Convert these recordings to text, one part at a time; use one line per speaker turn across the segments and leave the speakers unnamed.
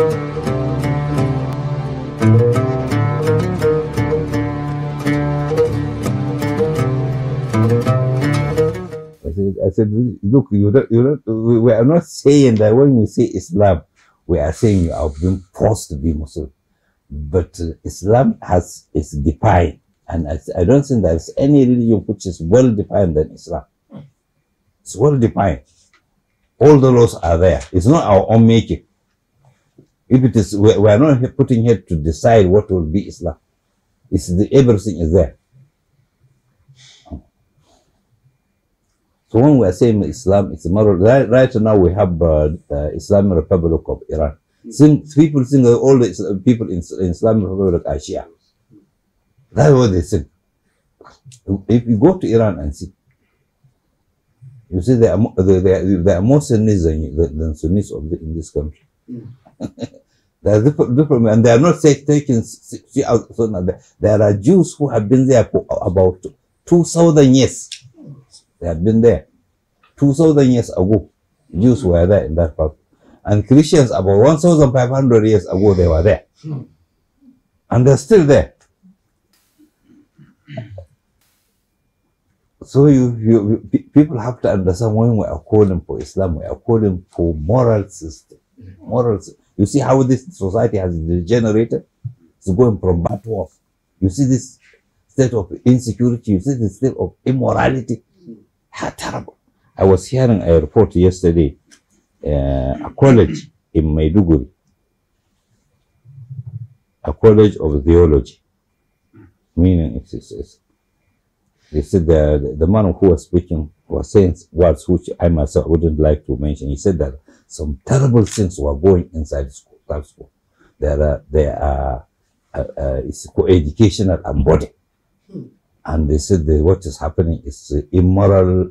I said, I said, look, you don't, you don't, we are not saying that when we say Islam, we are saying you are being forced to be Muslim. But uh, Islam has its defined, And I, I don't think there's any religion which is well defined than Islam. It's well defined. All the laws are there. It's not our own making. If it is, we, are not putting here to decide what will be Islam. It's the, everything is there. So when we are saying Islam, it's a moral. Right, right now we have uh, uh, Islamic Republic of Iran. people think all the Islam, people in, in Islamic Republic are Shia. That's what they think. If you go to Iran and see, you see there are, there, there, there are more Sunnis than, than Sunnis of the, in this country.
Mm.
There are different, and they are not taking There are Jews who have been there for about 2,000 years. They have been there. 2,000 years ago, Jews were there in that part. And Christians about 1,500 years ago, they were there. And they're still there. So you, you, you people have to understand when we are calling for Islam, we are calling for moral system. Moral system you see how this society has degenerated? It's going from bad to worse. You see this state of insecurity, you see this state of immorality. How terrible. I was hearing a report yesterday, uh, a college in Maiduguri, a college of theology, meaning it's, it's, it's they said that the man who was speaking was saying words which I myself wouldn't like to mention. He said that some terrible things were going inside school, that school. There are, there are, uh, uh, it's co-educational and body. Hmm. And they said that what is happening is immoral,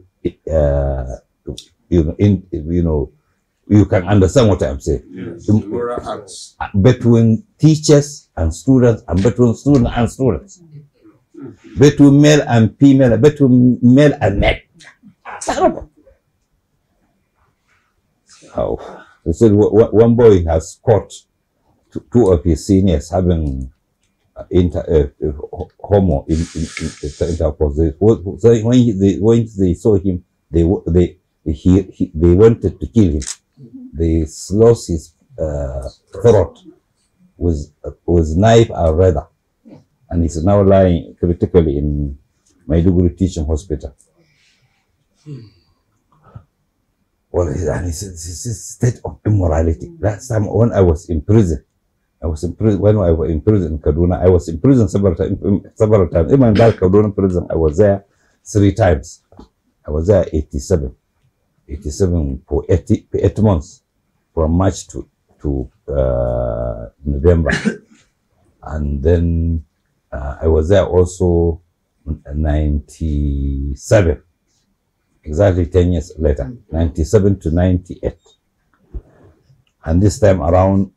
uh, you know, in, you know, you can understand what I'm saying. Yes, uh, between teachers and students, and between students and students, hmm. between male and female, between male and male. Terrible. Oh, they said one boy has caught two of his seniors having uh, inter, uh, uh, homo in, in, in intercourse. so when they, when they saw him, they they he, he they wanted to kill him. They slashed his uh, throat with uh, with knife or rather, and he's now lying critically in Maiduguri Teaching Hospital. Hmm. Well, and he said, this is state of immorality. Last time when I was in prison, I was in prison, when I was in prison in Kaduna, I was in prison several times, several times. Even that Kaduna prison, I was there three times. I was there 87, 87 for 80, eight months from March to, to uh, November. and then uh, I was there also 97 exactly 10 years later, 97 to 98. And this time around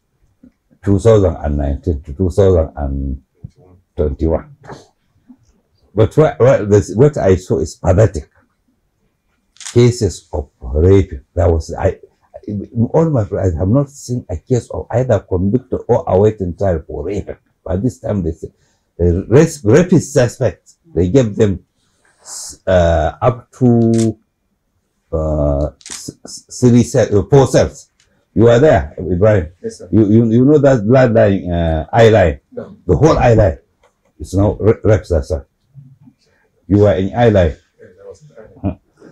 2019 to 2021. But what, what I saw is pathetic. Cases of rape. That was, I, all my friends have not seen a case of either convicted or awaiting trial for rape. By this time, they say, the rapist suspects, they gave them uh, up to uh, three cells, uh, four cells. You are there, Ibrahim. Yes, sir. You, you, you know that bloodline, line, uh, eye line, no. the whole eye line. It's now Repsa, sir. You are in eye line. Hmm.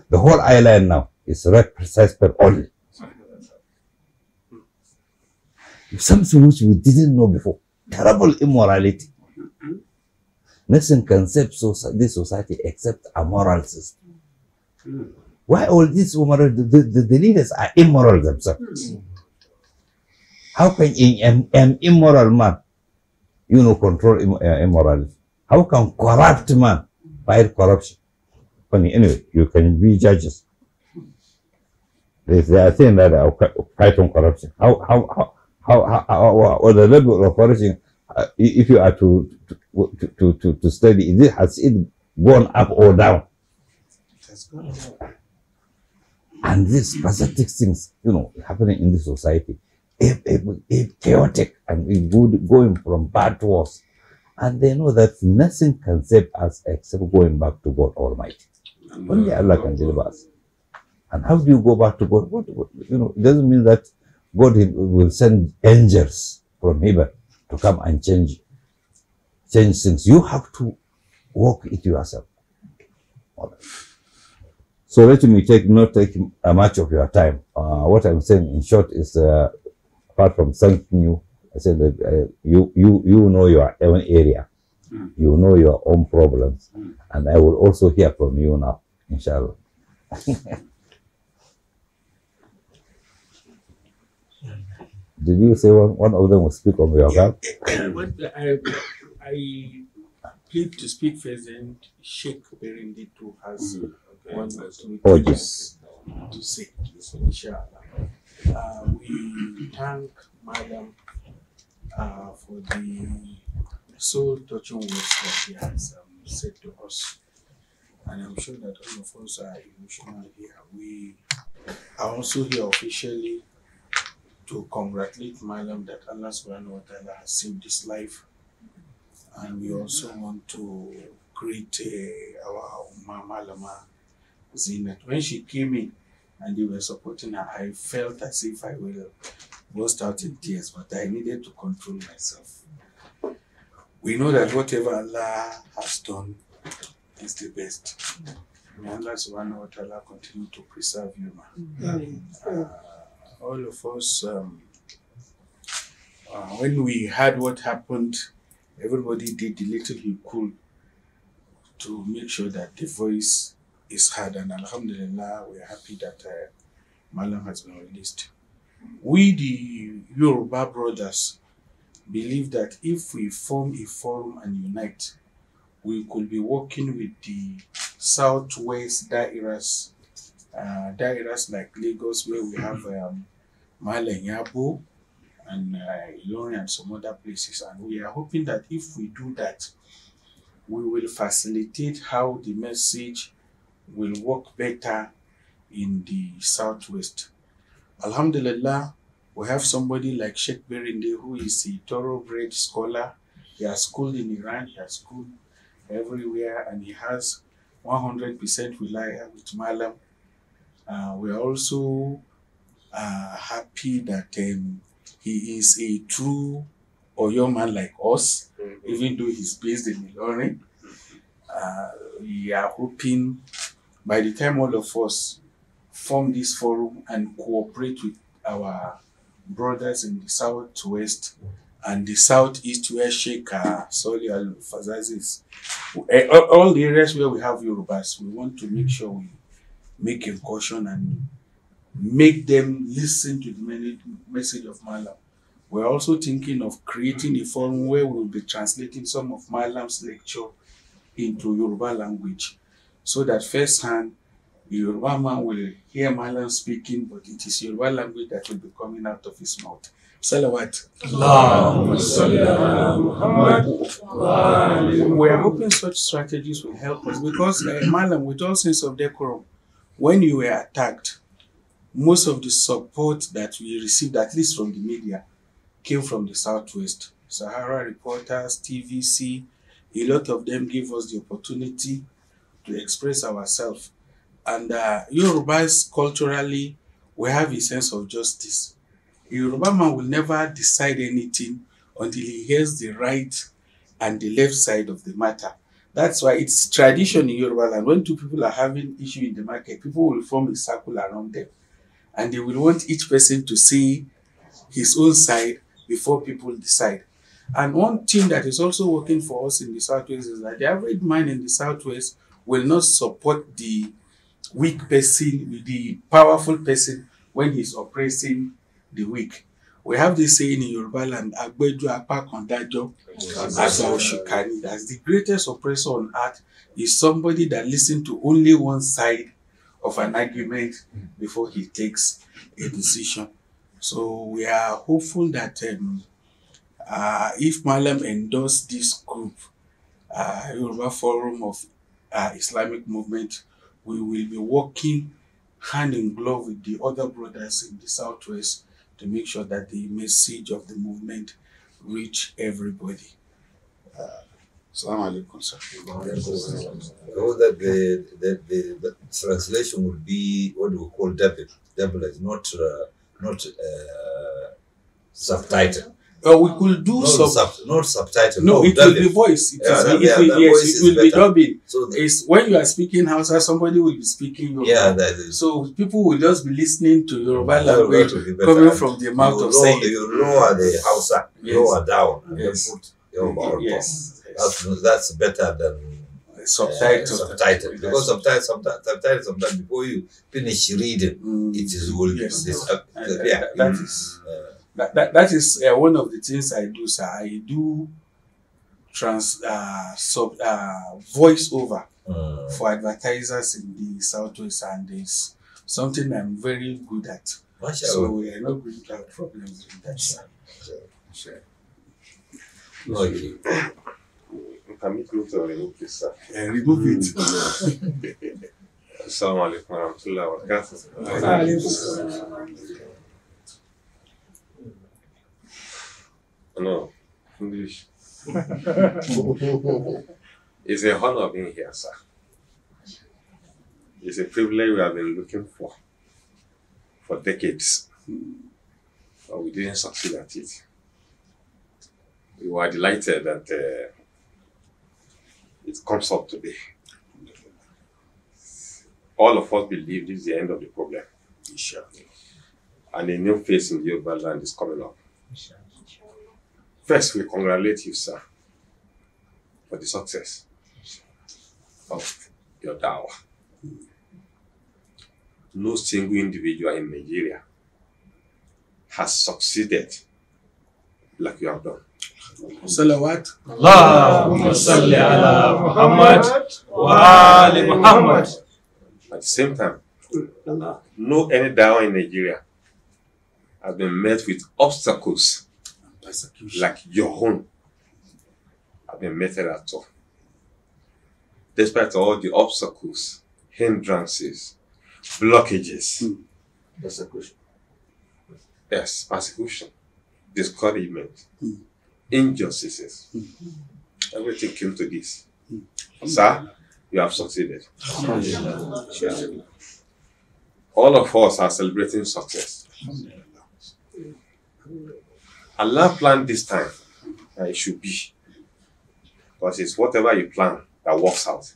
the whole eye line now is Repsa only. Something which we didn't know before. Terrible immorality. Nothing can save so this society except a moral system. Why all these immoral, the, the, the leaders are immoral themselves. How can an, an immoral man, you know, control Im, uh, immorality? How can corrupt man fight corruption? Funny, anyway, you can be judges. They, they are saying that uh, fight on corruption. How, how, how, how, how, or the level of corruption, uh, if you are to, to, to, to, to study, has it gone up or down? It's gone down. And these pathetic things, you know, happening in the society, if, if, if chaotic and it good going from bad to worse. And they know that nothing can save us except going back to God Almighty. Only mm. Allah can deliver us. And how do you go back to God? What, what, you know, it doesn't mean that God will send angels from heaven to come and change change things. You have to work it yourself. So let me take not take uh, much of your time. Uh, what I'm saying in short is, uh, apart from thanking you, I said that uh, you you you know your own area, mm. you know your own problems, mm. and I will also hear from you now, inshallah. Did you say one, one of them will speak on your behalf?
I, I plead to speak first, and Sheikh Berendito has. Mm one
oh, yes. to sit, inshallah. Uh,
we thank Madam uh, for the soul touching words that she has um, said to us. And I'm sure that all of us are emotional here. We are also here officially to congratulate Madam that Allah subhanahu wa ta'ala has saved his life. And we also want to greet uh, our Ummah Malama that When she came in and they were supporting her, I felt as if I will burst out in tears, but I needed to control myself. We know that whatever Allah has done is the best. May Allah subhanahu wa ta'ala continue to preserve you, ma. Uh, all of us, um, uh, when we heard what happened, everybody did the little he could to make sure that the voice is hard, and Alhamdulillah, we are happy that uh, Malam has been released. We, the Yoruba brothers, believe that if we form a forum and unite, we could be working with the southwest dairas, uh, like Lagos, where we have um, Malenyabu and uh, Ilorin and some other places. And we are hoping that if we do that, we will facilitate how the message will work better in the southwest. Alhamdulillah, we have somebody like Sheikh Berinde who is a thoroughbred scholar. He has schooled in Iran, he has schooled everywhere, and he has 100% reliance with Malam. Uh, we are also uh, happy that um, he is a true Oyo man like us, mm-hmm. even though he's based in Ilorin. Uh, we are hoping by the time all of us form this forum and cooperate with our brothers in the south to west and the southeast where Sheikh uh, Soli Al Fazazis, eh, all the areas where we have Yorubas, we want to make sure we make a caution and make them listen to the message of Malam. We're also thinking of creating a forum where we'll be translating some of Malam's lecture into Yoruba language so that first hand the Yoruba man will hear Malam speaking, but it is Yoruba language that will be coming out of his mouth. Salawat. we are hoping such strategies will help us because, uh, Malam, with all sense of decorum, when you were attacked, most of the support that we received, at least from the media, came from the Southwest. Sahara reporters, TVC, a lot of them gave us the opportunity to express ourselves. And uh, Yorubas culturally, we have a sense of justice. A Yoruba man will never decide anything until he hears the right and the left side of the matter. That's why it's tradition in Yoruba land. When two people are having issue in the market, people will form a circle around them. And they will want each person to see his own side before people decide. And one thing that is also working for us in the Southwest is that the average man in the Southwest will not support the weak person, the powerful person when he's oppressing the weak. We have this saying in Yoruba land, Agbeju apa kan As the greatest oppressor on earth is somebody that listens to only one side of an argument before he takes a decision. So we are hopeful that um, uh, if Malam endorses this group, uh, Yoruba Forum of uh, Islamic movement. We will be working hand in glove with the other brothers in the Southwest to make sure that the message of the movement reach
everybody. Uh,
Assalamu alaikum, sir.
So that the, the, the, the, translation will be what we call double. Double is not, uh, not uh, subtitle. Uh, we could do no, sub- not subtitle. No, no it will be voice. It, yeah, is, yeah, it, will, yes, voice it will be dubbing. So it's when you are
speaking Hausa, somebody will be speaking Yoruba. Yeah, that is. So people will just be listening to Yoruba language coming from the mouth of saying.
You lower the Hausa, yes. lower down, and yes. then put Yoruba yes. That's, that's better than subtitle. Uh, subtitle. Because sometimes, sometimes, sometimes, sometimes before you finish reading, mm. it is will yes.
uh, yeah, that is. Uh, that, that, that is uh, one of the things I do, sir. I do trans uh, sub uh, voice over mm. for advertisers in the southwest, and it's something I'm very good at. Masha so we are not going to have problems with that, sir. Sure.
sure. Okay. can make remove this, sir. Yeah, remove it. Mm. Assalamu alaikum warahmatullahi
wabarakatuh.
No, English. it's a honor being here, sir. It's a privilege we have been looking for for decades, but we didn't succeed at it. We were delighted that uh, it comes up today. All of us believe this is the end of the problem. Sure. And a new face in the Oval land is coming up. Sure. First, we congratulate you, sir, for the success of your dawah. No single individual in Nigeria has succeeded
like you have done. Allahumma
salli ala Muhammad
wa ali
Muhammad. At the same time, no any dawah in Nigeria has been met with obstacles persecution. Like your own have been meted at all. Despite all the
obstacles,
hindrances, blockages. Mm. Persecution. Yes, persecution, discouragement, mm. injustices. Mm. Everything came to this. Hmm. Sir, you have succeeded. All of us are celebrating success. Allah planned this time that it should be. Because it's whatever you plan that works out.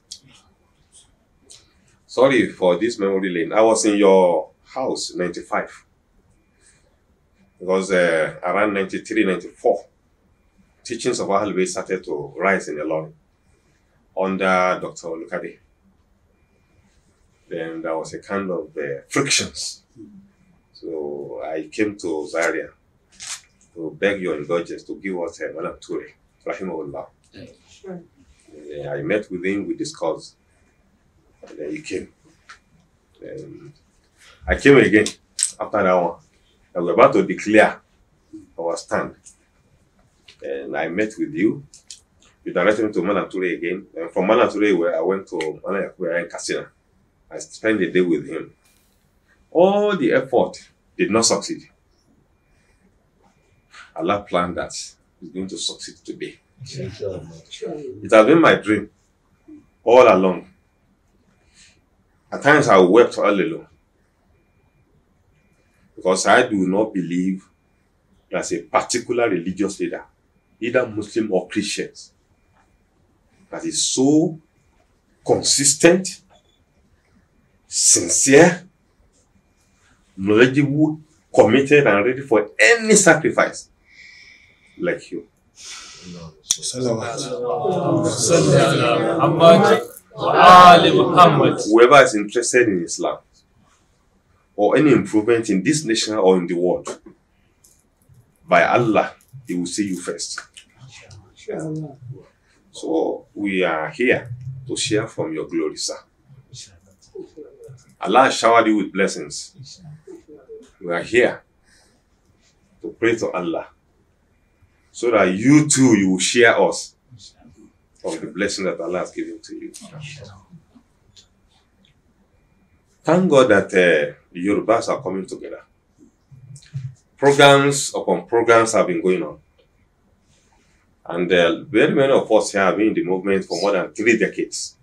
Sorry for this memory lane. I was in your house, 95. Because uh, around 93, 94, teachings of Ahlul Bayt started to rise in the Lord under Dr. Lukadi. Then there was a kind of uh, frictions. So I came to Zaria to beg your indulgence to give us a eh, Malam Ture, Rahimahullah. Sure. Uh, I met with him, we discussed, and then he came. And I came again after that one. I was about to declare our stand. And I met with you. You directed me to Malam again. And from Malam where I went to Malam and in I spent the day with him. All the effort did not succeed. Allah planned that is going to succeed today. Yeah. It has been my dream all along. At times I wept all alone because I do not believe that a particular religious leader, either Muslim or Christian, that is so consistent, sincere, knowledgeable, committed, and ready for any sacrifice like you. Whoever is interested in Islam or any improvement in this nation or in the world, by Allah, he will see you first. So we are here to share from your glory, sir. Allah showered you with blessings. We are here to pray to Allah so that you too you will share us of the blessing that Allah has given to you. Thank God that uh, the Yorubas are coming together. Programs upon programs have been going on. And uh, very many of us here have been in the movement for more than three decades.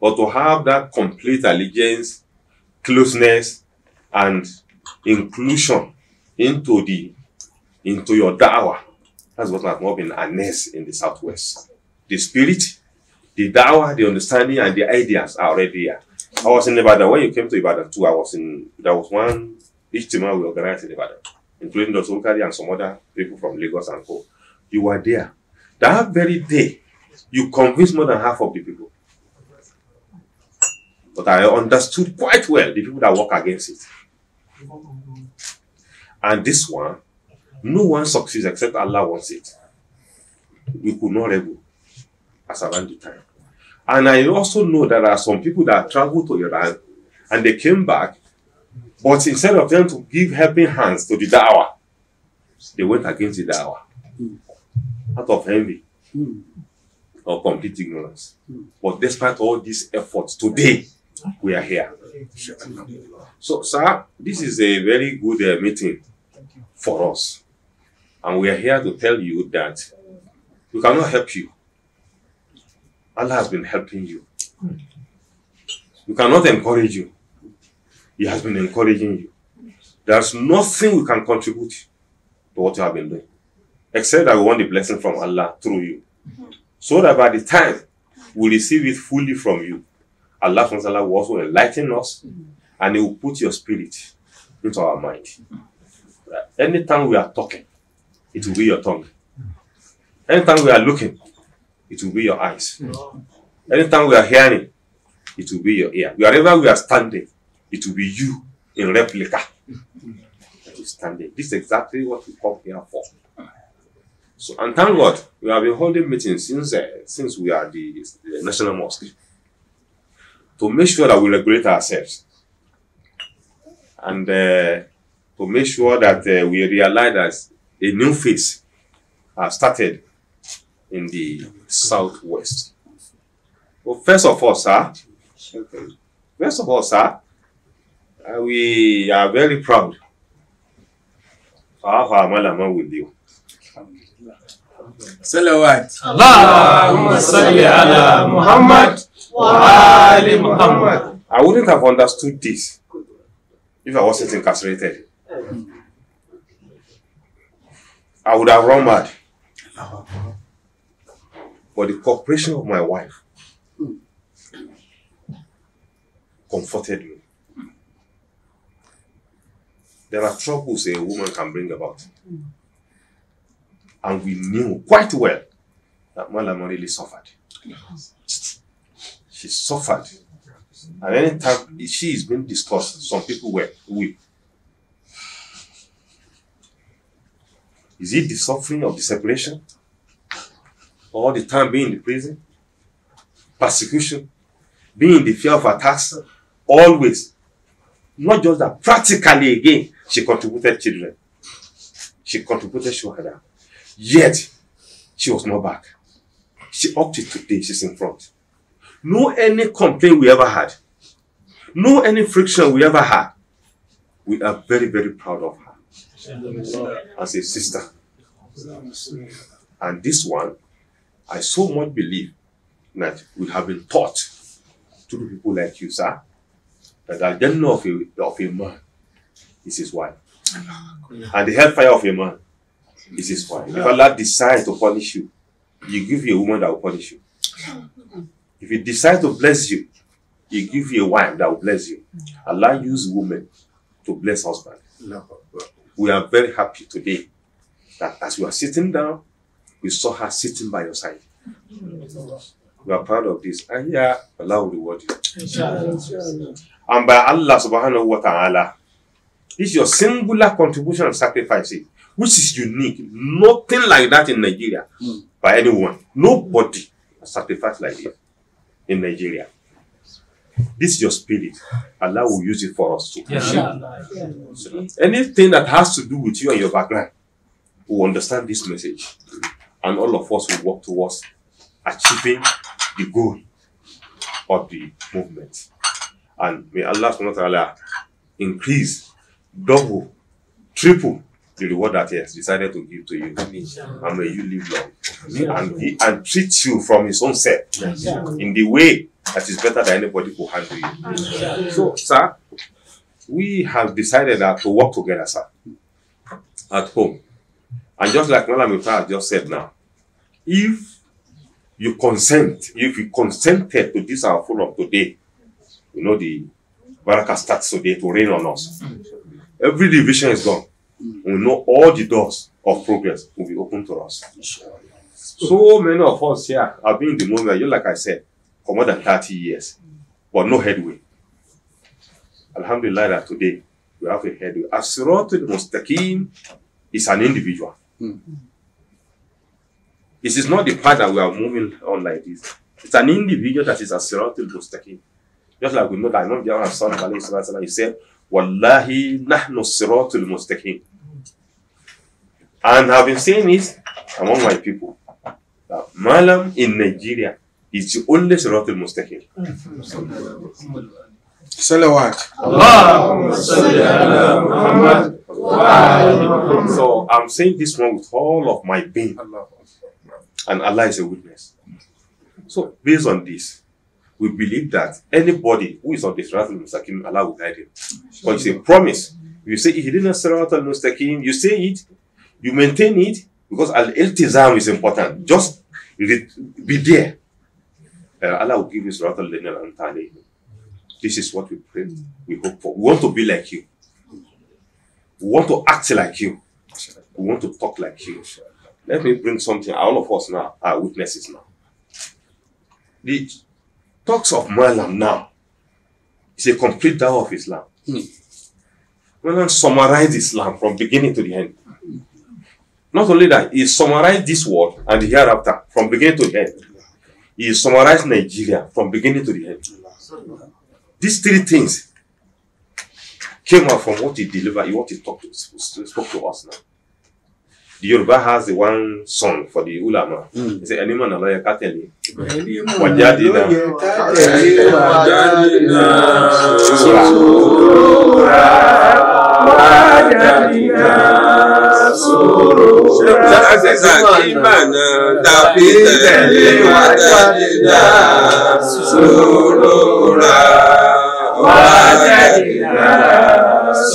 But to have that complete allegiance, closeness, and inclusion into the into your da'wah that's what has not been harnessed in the Southwest. The spirit, the dawa, the understanding, and the ideas are already there. I was in Nevada. When you came to Ibadan too, I was in, there was one each time we organized in Ibadan, including those Okari and some other people from Lagos and co. You were there. That very day, you convinced more than half of the people. But I understood quite well the people that work against it. And this one, No one succeeds except Allah wants it. We could not rebel as around the time. And I also know that there are some people that traveled to Iran and they came back, but instead of them to give helping hands to the da'wah, they went against the da'wah mm. out of envy mm. or complete ignorance. Mm. But despite all these efforts, today we are here. So, sir, this is a very good uh, meeting for us. And we are here to tell you that we cannot help you. Allah has been helping you. We cannot encourage you. He has been encouraging you. There's nothing we can contribute to what you have been doing, except that we want the blessing from Allah through you. So that by the time we receive it fully from you, Allah SWT will also enlighten us and He will put your spirit into our mind. Anytime we are talking, it will be your tongue. Anytime we are looking, it will be your eyes. Anytime we are hearing, it will be your ear. Wherever we are standing, it will be you in replica that is standing. This is exactly what we come here for. So, and thank God, we have been holding meetings since uh, since we are the, the national mosque to make sure that we regulate ourselves and uh, to make sure that uh, we realize that a new phase has uh, started in the southwest. Well, first of all, sir, first of all, sir, uh, we are very proud to have our Malama with you. Salawat. Allahumma salli ala Muhammad wa ali Muhammad. I wouldn't have understood this if I wasn't incarcerated. I would have run mad. Uh-huh. But the cooperation of my wife hmm. comforted me. There are troubles a woman can bring about. And we knew quite well that Malama really suffered. She suffered. And anytime she is being discussed, some people were weep. Is it the suffering of the separation? All the time being in the prison? Persecution? Being in the fear of attacks? Always. Not just that, practically again, she contributed children. She contributed Shuhada. Yet, she was not back. She opted to today, she's in front. No any complaint we ever had. No any friction we ever had. We are very, very proud of her as a sister. And this one, I so much believe that we have been taught through people like you, sir, that I don't know of a, of a man is his wife. And the hellfire of a man is his wife. If Allah decides to punish you, you give you a woman that will punish you. If he decides to bless you, he give you a wife that will bless you. Allah use women to bless husband we are very happy today that as you are sitting down, we saw her sitting by your side. We are proud of this. And yeah, Allah will reward you. And by Allah subhanahu wa ta'ala, it's your singular contribution and sacrifice, which is unique. Nothing like that in Nigeria hmm. by anyone. Nobody sacrificed like this in Nigeria. This is your spirit. Allah will use it for us too. Anything that has to do with you and your background will understand this message. And all of us will work towards achieving the goal of the movement. And may Allah subhanahu wa ta'ala increase, double, triple the reward that He has decided to give to you. And may you live long. And, he, and treat you from His own self in the way that is better than anybody could handle you. So, sir, we have decided that to work together, sir, at home. And just like Madam has just said now, if you consent, if you consented to this our forum today, you know, the Baraka starts today to rain on us. Every division is gone. We know all the doors of progress will be open to us. So many of us here have been in the moment, you like I said, for more than 30 years, but no headway. Alhamdulillah that today we have a headway. Asirat al-Mustaqim is an individual. Mm This is not the path that we are moving on like this. It's an individual that is Asirat al-Mustaqim. Just like we know that Imam Jawar Sallallahu he said, Wallahi nahnu siratul mustaqim. And I've been saying this among my people. That Malam in Nigeria is only Siratul Mustaqim. Salawat. So I'm saying this one with all of my being. And Allah is a witness. So based on this, we believe that anybody who is on the Siratul Mustaqim, Allah will guide him. But it's a promise. You say, he didn't Ihdina Siratul Mustaqim, you say it, you maintain it, because al-iltizam is important. Just be there uh, Allah will give us rather linear and tali. This is what we pray, we hope for. We want to be like you. We want to act like you. We want to talk like you. Let me bring something. All of us now are witnesses now. The talks of Malam now is a complete dawah of Islam. Malam summarized Islam from beginning to the end. Not only that, he summarized this world and the hereafter from beginning to end. He summarized Nigeria from beginning to the end. These three things came out from what he delivered, what he talked to, spoke to us now. the Yoruba has the one song for the ulama. Mm. say said, Any man alaya kateli.
Wajadina. Wajadina. Ya Surura. Wajadina.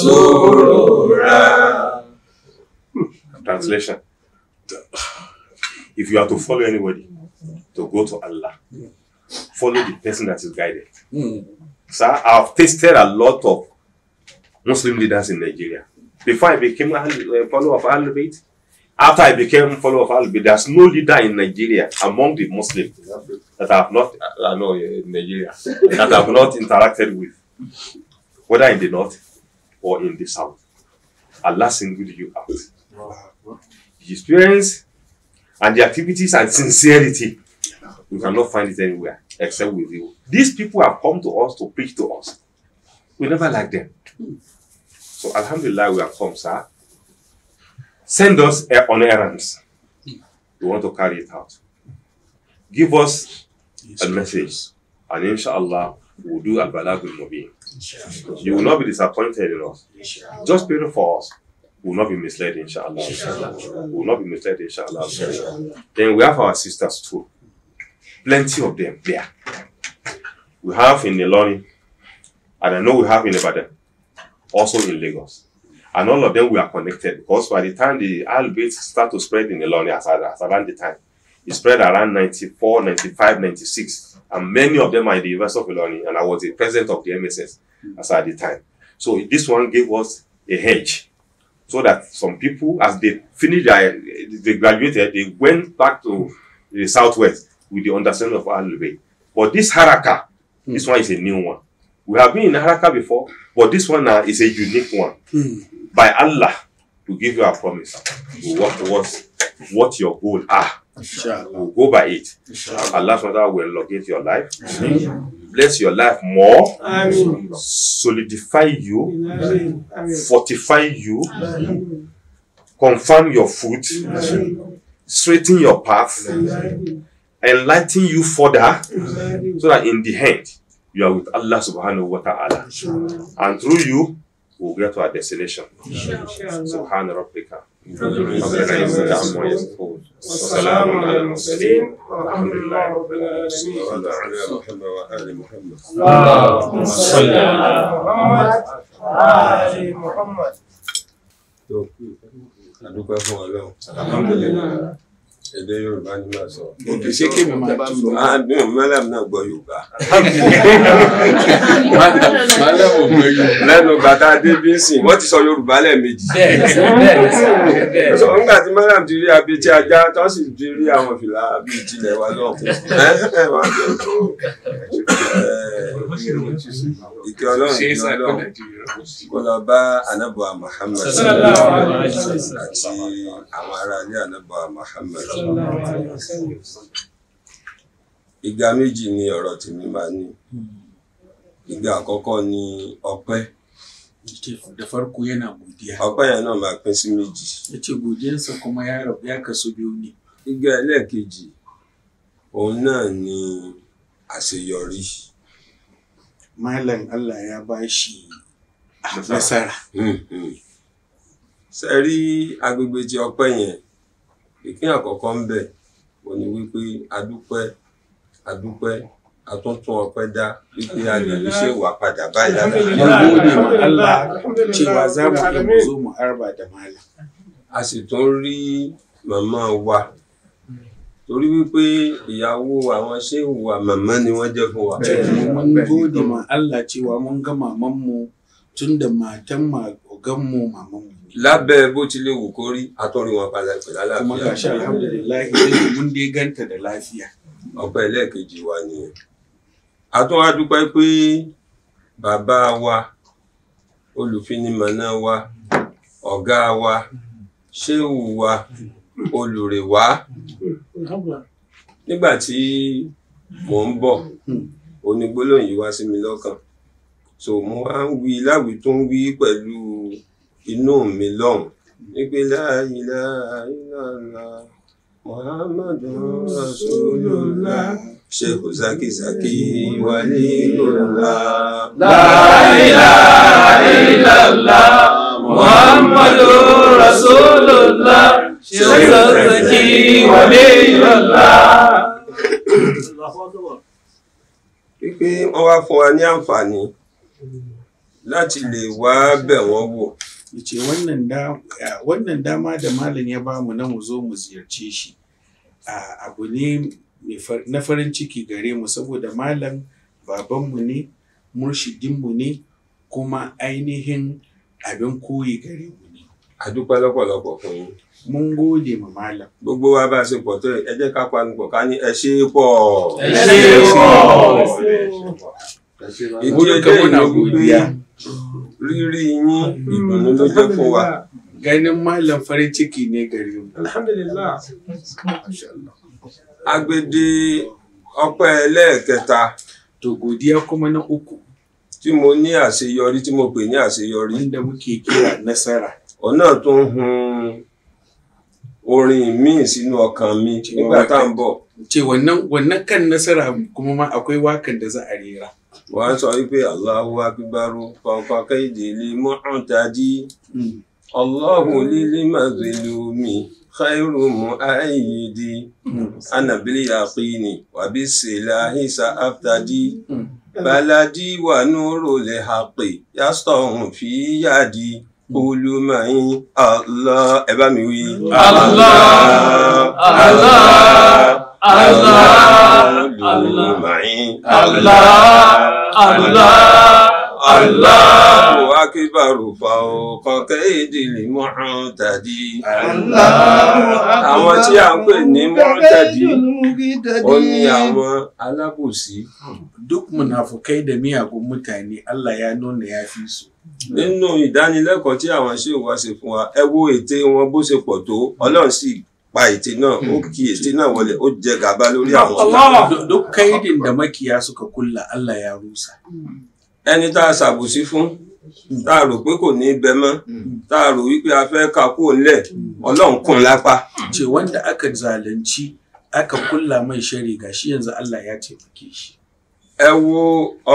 Surah, Translation. If you are to follow anybody, to go to Allah, follow the person that is guided. Hmm. Sir, I've tasted a lot of Muslim leaders in Nigeria. Before I became a uh, follower of Ahlul Bayt, after I became a follower of Ahlul Bayt, there's no leader in Nigeria among the Muslims that I have not, I uh, know, uh, in Nigeria, that I have not interacted with, whether in the north or in the south. Allah single you out. Wow. The experience, and the activities and sincerity. we cannot find it anywhere except with you. These people have come to us to preach to us. We never like them. So, Alhamdulillah, we have come, sir. Send us on errands. We want to carry it out. Give us a message, and inshallah, we'll do al balagul mubin. You will not be disappointed in us. Just pray for us will not be misled, inshallah. inshallah. Will not be misled, inshallah. inshallah. Then we have our sisters too. Plenty of them there. We have in Neloni, and I know we have in Ibadan, also in Lagos. And all of them we are connected because by the time the Albeit start to spread in Neloni, as, as around the time, it spread around 94, 95, 96. And many of them are in the University of Ilani, and I was the president of the MSS as at the time. So this one gave us a hedge so that some people, as they finished their, they graduated, eh, they went back to the southwest with the understanding of Alube. But this Haraka, mm. this one is a new one. We have been in Haraka before, but this one uh, is a unique one. Mm. By Allah, to give you a promise,
to work
towards what your goal are. We'll go by it. Allah SWT will locate your life. Hmm? Bless your life more. Solidify you. Fortify you. Confirm your foot. Straighten your path.
Enlighten
you further. So that in the end, you are with Allah subhanahu wa ta'ala. And through you, we'll get to our destination. Subhanahu wa ta'ala. Salut, Salut, Salut, Salut,
Salut, Salut, èdè yorùbá ni màá sọ. òkè ṣé kí mi máa tún lọ. àdùn ah, mẹlẹm náà gbọ́ yorùbá. mẹlẹm ò gbọ́ yorùbá. lẹ́nu bàtà débísìn wọ́n ti sọ yorùbá lẹ́ẹ̀mejì. nígbà tí mẹlẹm ti rí abetí ajá tó sì ti rí àwọn fìlà bíi tilẹ̀ wa lọ. ìkẹ́ ọlọ́run ìkẹ́ ọlọ́run kó lọ bá anábọ̀ Muhammad àti àwọn aráalé anábọ̀ Muhammad. ìgbà méjì ni ọ̀rọ̀ tèmi máa ní ìgbà àkọ́kọ́ ni ọpẹ́ ọpẹ́ yẹn náà máa pín sí méjì ìgbà ẹlẹ́ẹ̀kejì òun náà ni àṣeyọrí. Malam Allah ya bá ṣì àfẹsára. Hmm, hmm. Ṣé rí agbègbè tí ọpẹ́ yẹn? ìpín àkọ́kọ́ ń bẹ̀ ò ní wípé adúpẹ́ adúpẹ́ atuntun ọpẹ́ dá wípé a lè rí ṣe wà padà báyìí lára. mo gode ma Allah cewa za mu iya mu zo
mu harba da malam.
a sì tún rí màmá wa torí wípé ìyàwó àwọn ṣéwù wa màmá ni wọ́n jẹ́ fún wa. mo gode ma
Allah cewa mun ga mamanmu tun da matan maganmu mamanmu
lábẹ́ bó ti lè wù kó rí àtọ́rí wọn padà pẹ̀lú àlàáfíà. kuma ka sha alhamdulillah mun dai ganta da lafiya. ọpẹ́ ẹlẹ́ẹ̀kejì wa nìyẹn a tún wá dúpẹ́ pé bàbá wa olùfinimọ̀nà wa ọ̀gá wa ṣéwù wa olùrè wa nígbà tí mò ń bọ̀ onígbólóhùn wá sí mi lọ́kàn so mo wá ń wí láwìí tó ń wí pẹ̀lú inú mi lọ́hùn nígbè láàyè láàyè lọ́la muhammadu rasulullah shehu zaki zaki wali lola. láàyè láàyè lọ́la muhammadu rasulullah shehu zaki wali lola. fún wa ní
àǹfààní láti lè wá bẹ̀ wọ́n wò. ce wannan dama da malam ya bamu na mu zo mu ziyarce shi abu ne na farin ciki gare mu saboda malam babanmu ne murshidinmu ne kuma ainihin abin koyi gare mu ne.
a dúpẹ́ lọ́pọ̀lọpọ̀ fún mun gode ma malam. gbogbo wa bá a ṣe pọ̀ tó ẹ jẹ́ ká panupọ̀ ká ní a ṣe é a ẹ ṣe é pọ̀. ìdí ẹjẹ́ ìlú
rírí yín ìdùnnú ló jẹ́ fún wa ganin malam farin ciki ne gare mu alhamdulillah
agbede ọpẹ́ ẹlẹ́ẹ̀kẹta to godiya kuma na uku tí mo ní àṣeyọrí tí mo pè ní àṣeyọrí wanda muke kira nasara ọ̀nà tó ń hun orin míì sínú ọkàn mi nígbà tá à ń bọ̀. ce wannan wannan kan nasara kuma ma akwai wakan da za a rera. wàá sọ wípé Allahu akíbarú pàǹpà kéde lè mọ àǹtàdí Allahu lílí mazlumi khairu mu ayyidi anabili yaqini wàbí silahi sa aftadi. Mm. baladi wa nuru le haqi yastahun fi yadi olùmọ̀yìn Allah ẹ bá mi wí. Allah
Allah Allah
olùmọ̀yìn Allah Allah. Allahu akíbarù fawqa kaydil
Allah,
Àwọn tí a ń pè ní mu'tadi, ó ní àwọn
alábòsí. Hmm, duk munafukai da miyagun mutane Allah ya nuna ya fi su.
Nínú
ìdánilẹ́kọ̀ọ́ tí àwọn ṣe wá ṣe fún wa, ẹ wo ète wọn bó ṣe pọ̀ tó, Ọlọ́run sì pa ète náà ó hmm. kì ète náà wọlé ó jẹ gàba lórí àwọn.
duk kaidin da makiya suka kulla Allah ya rusa hmm
ẹni tá a ṣàbùsí fún hmm. tá a rò pé kò ní í bẹ mọ́ hmm. tá a rò wípé a fẹ́ ka kó ńlẹ̀ hmm. ọlọ́run kùn lápá. ce wanda aka zalunci aka
kulla mai shari ga shi yanzu Allah ya taimake
shi. ẹ wo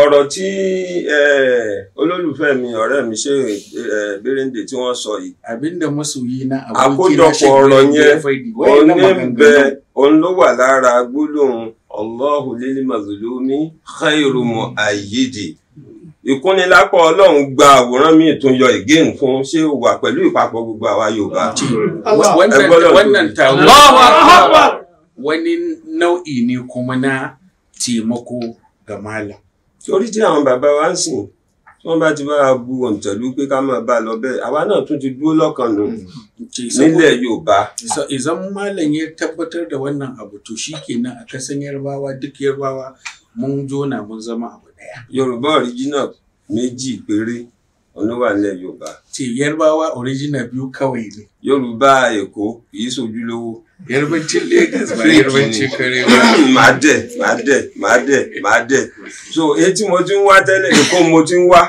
ọ̀rọ̀ tí olólùfẹ́ mi ọ̀rẹ́ mi ṣe Bíríndé tí wọ́n sọ yìí. àbíndà
mọ́sùwí na àbókí náà ṣe àkójọpọ̀ ọ̀rọ̀ yẹn
òun ló wà lára gbólóhùn Allahu lil mazlumi khairu mu'ayyidi ìkúnnilápọ̀ ọlọ́run gba àwòrán mi tún yọ again fún ṣé o wà pẹ̀lú ìpapọ̀ gbogbo àwa yorùbá. wani nau'i ne kuma na taimako ga malam. torí tí àwọn bàbá wa ń sìn tí wọ́n bá ti bá a bu òǹtẹ̀lú pé ká máa bá a lọ bẹ́ẹ̀ àwa náà tún ti dúró lọ́kàn nù
nílẹ̀ yorùbá. ìzan malam ya tabbatar da wannan abu to shi kenan a kasan yarbawa duk yarbawa mun jona mun zama abu daya. Yorùbá
original méjì péré oníwà nílẹ̀ Yorùbá. Ti Yarbawa original biyu kawai ne. Yorùbá Èkó kì í sojú lówó. Yarbancin Lagos ba yarbancin kare ba. Màá dẹ̀ màá dẹ̀ màá dẹ̀ màá dẹ̀. So èyí tí mo ti ń wá tẹ́lẹ̀ Èkó mo ti ń wá.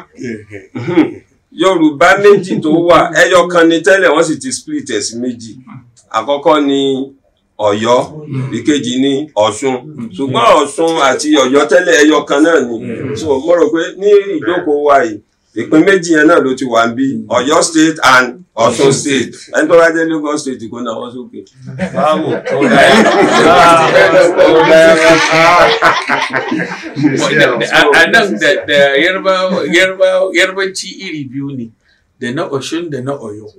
Yorùbá méjì tó wà ẹyọ kan ni tẹ́lẹ̀ wọ́n sì ti split ẹ̀ méjì. Àkọ́kọ́ ni ọ̀yọ́ mm. ìkejì ní ọ̀ṣun mm. ṣùgbọ́n ọ̀ṣun àti ọ̀yọ́ tẹ́lẹ̀ ẹyọ kan náà ni mm. so mo rò pé ní ìjókòó wa yìí ìpín méjì yẹn náà ló ti wà ń bí ọ̀yọ́ state and ọ̀ṣun state ẹni tó bá jẹ́ lagos state kò náà wọ́n sókè
báwo
anam da yarbawa yarbawa yarbanci iri biyu ne da na Oshun da na Oyo.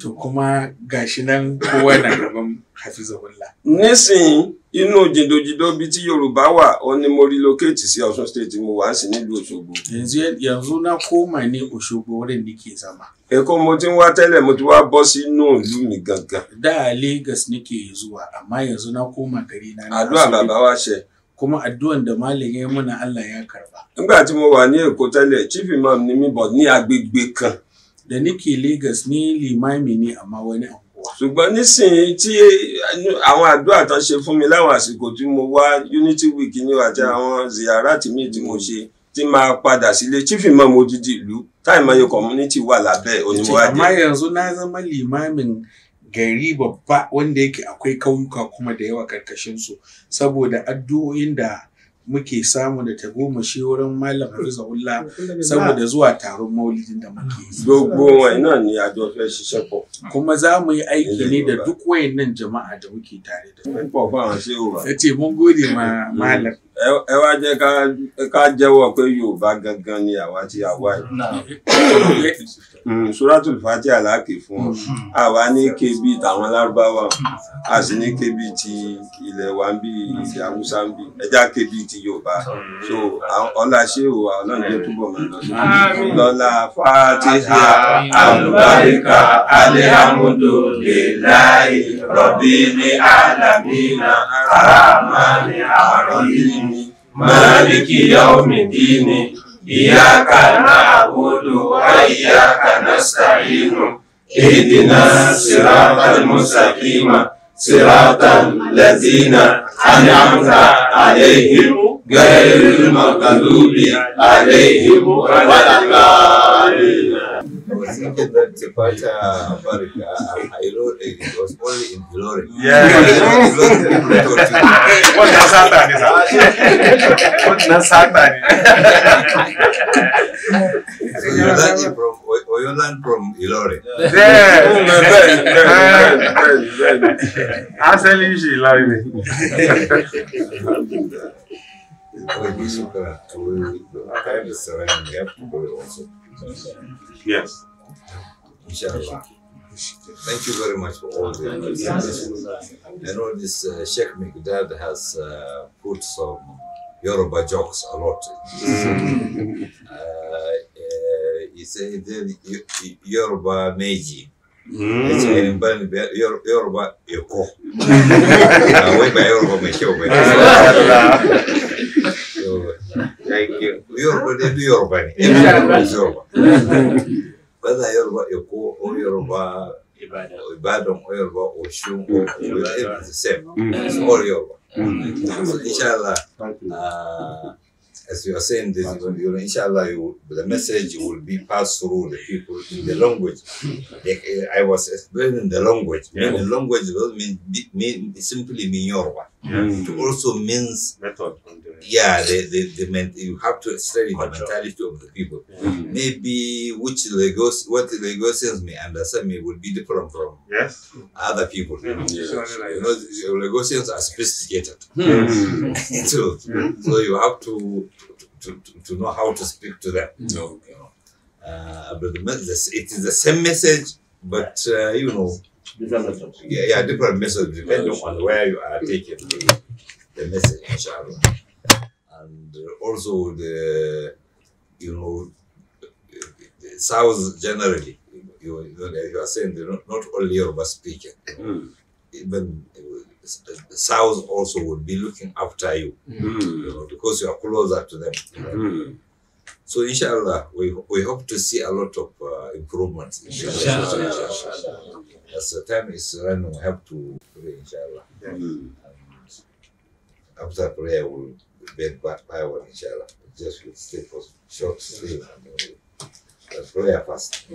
To kuma gashi nan kowa na gaban Hafizahullah.
nisin inu jìndòjìndò bíi tí Yorùbá wà ó ní mo relocate sí Ọ̀ṣun state mo wá sí nílùú Òṣogbo. Yanzu
yanzu na koma ne Òṣogbo wurin nake zama. Èkó mo ti wa wá mo ti wá bọ́ sínú ìlú mi gangan. Da Lagos nake zuwa amma yanzu na koma gari na. Àdúrà bàbá wa ṣe kuma addu'an da malam ya muna Allah ya karba. Nígbà tí mo wà ní Èkó
tẹ́lẹ̀ chief imam ni mi bọ̀ ní agbègbè kan. da nake Legas ni limami ne amma wani anguwa. Ṣùgbọ́n nísìnyí tí àwọn àdúrà tán ṣe fún mi láwọn àsìkò tí mo wá Unity Week ni àti mm. àwọn ziyara tí mi tí mo mm. ṣe tí máa padà sílé chief imam odidi ìlú táì mọye community wà lábẹ́ onímọ̀wádìí. Amma
yanzu na zama limamin gari babba wanda yake akwai kauyuka kuma da yawa karkashin su saboda addu'o'in da muke samu da ta goma shi wurin malam hafizahullah saboda zuwa taron maulidin da muke kuma za mu yi aiki ne da duk wayannan jama'a da muke tare da su. Ya ce mun gode ma malam.
ẹ wá jẹ́ ká jẹ́wọ́ pé yorùbá gangan ni àwa tí a wá yìí hmm, suratul fatiha aláàkè fún ọ hmm. àwa ní kébí tàwọn lárúbáwá a sì ní kébí ti ilẹ̀ wa ń bí ìdí haúsá ń bí ẹja kébí ti yorùbá so ọlá ṣé o ọlọ́run jẹ́ túbọ̀ mọ́ lọ́sí lọ́lá fatiha alùbáríkà alihamudu lillahi. ربيب العالمين الرحمن
الرحيم
مالك يوم الدين إياك نعبد وإياك نستعين اهدنا الصراط المستقيم صراط الذين أنعمت عليهم غير
المغضوب عليهم ولا الضالين Usiku tunapata habari Nairobi it was only in glory. Yeah. What na sasa ni sasa.
What na sasa
ni. Oyolan from Oyolan Yeah. Yeah. Yeah. yeah. Asali nchi Ilori. Kwa hiyo shukrani. Kwa
hiyo karibu sana hapo also. Yes. Thank you very much for all the and all this uh, Sheikh Mikdad has uh, put some Yoruba jokes a lot. Mm. Uh, uh, he said Yoruba Meiji. Mm. Yoruba Eko. Yoruba
Meji. Thank you. Yoruba, they do Yoruba. Everyone is Yoruba. Whether Yoruba Eko or Yoruba
Ibadan or Yoruba Oshun, it's the same. Mm. It's all Yoruba. So, mm. inshallah. Uh, as you are saying this, you inshallah, you, the message will be passed through the people in the language. Like, uh, I was explaining the language. Yeah. The language will not mean, mean simply mean Yoruba. Yes. It mm. also means method. Yeah, the, the, the men, you have to study the mentality of the people. Mm. Maybe which Lagos, what Lagosians may understand me would be different from yes. other people. Yeah. Yeah. You know, Lagosians are sophisticated. Hmm. so, hmm. so you have to to, to, to know how to speak to them. Mm. So, you know, uh, but the, it is the same message, but uh, you know, different yeah, yeah, different message depending on where you are taking the, the message, inshallah. And uh, also the, you know, the South generally, you, you, are saying they're not, not only Yoruba speaking, mm. even the south also will be looking after you, mm. you know, because you are closer to them. mm. So inshallah, we, we hope to see a lot of uh, improvements. Inshallah. Inshallah. Inshallah. As the time is running, we have to pray inshallah. Mm. after prayer, we'll bed back by one inshallah. Just will stay for short sleep. And, uh, prayer fast.